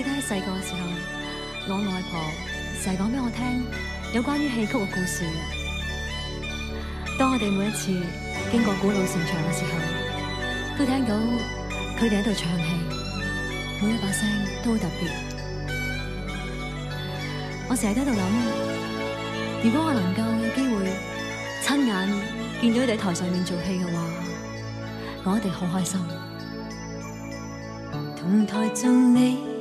記得喺細個嘅時候，我外婆成日講俾我聽有關於戲曲嘅故事的。當我哋每一次經過古老城牆嘅時候，都聽到佢哋喺度唱戲，每一把聲都好特別。我成日喺度諗，如果我能夠有機會親眼見到佢哋喺檯上面做戲嘅話，我一定好開心。同台做你。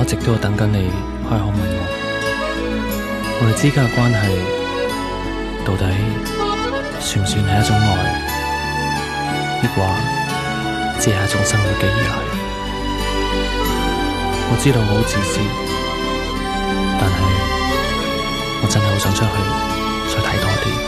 我一直都等緊你開口問我，我哋之間嘅關係到底算唔算係一種愛？抑或，只係一種生活嘅依賴。我知道我好自私，但係我真係好想出去再睇多啲。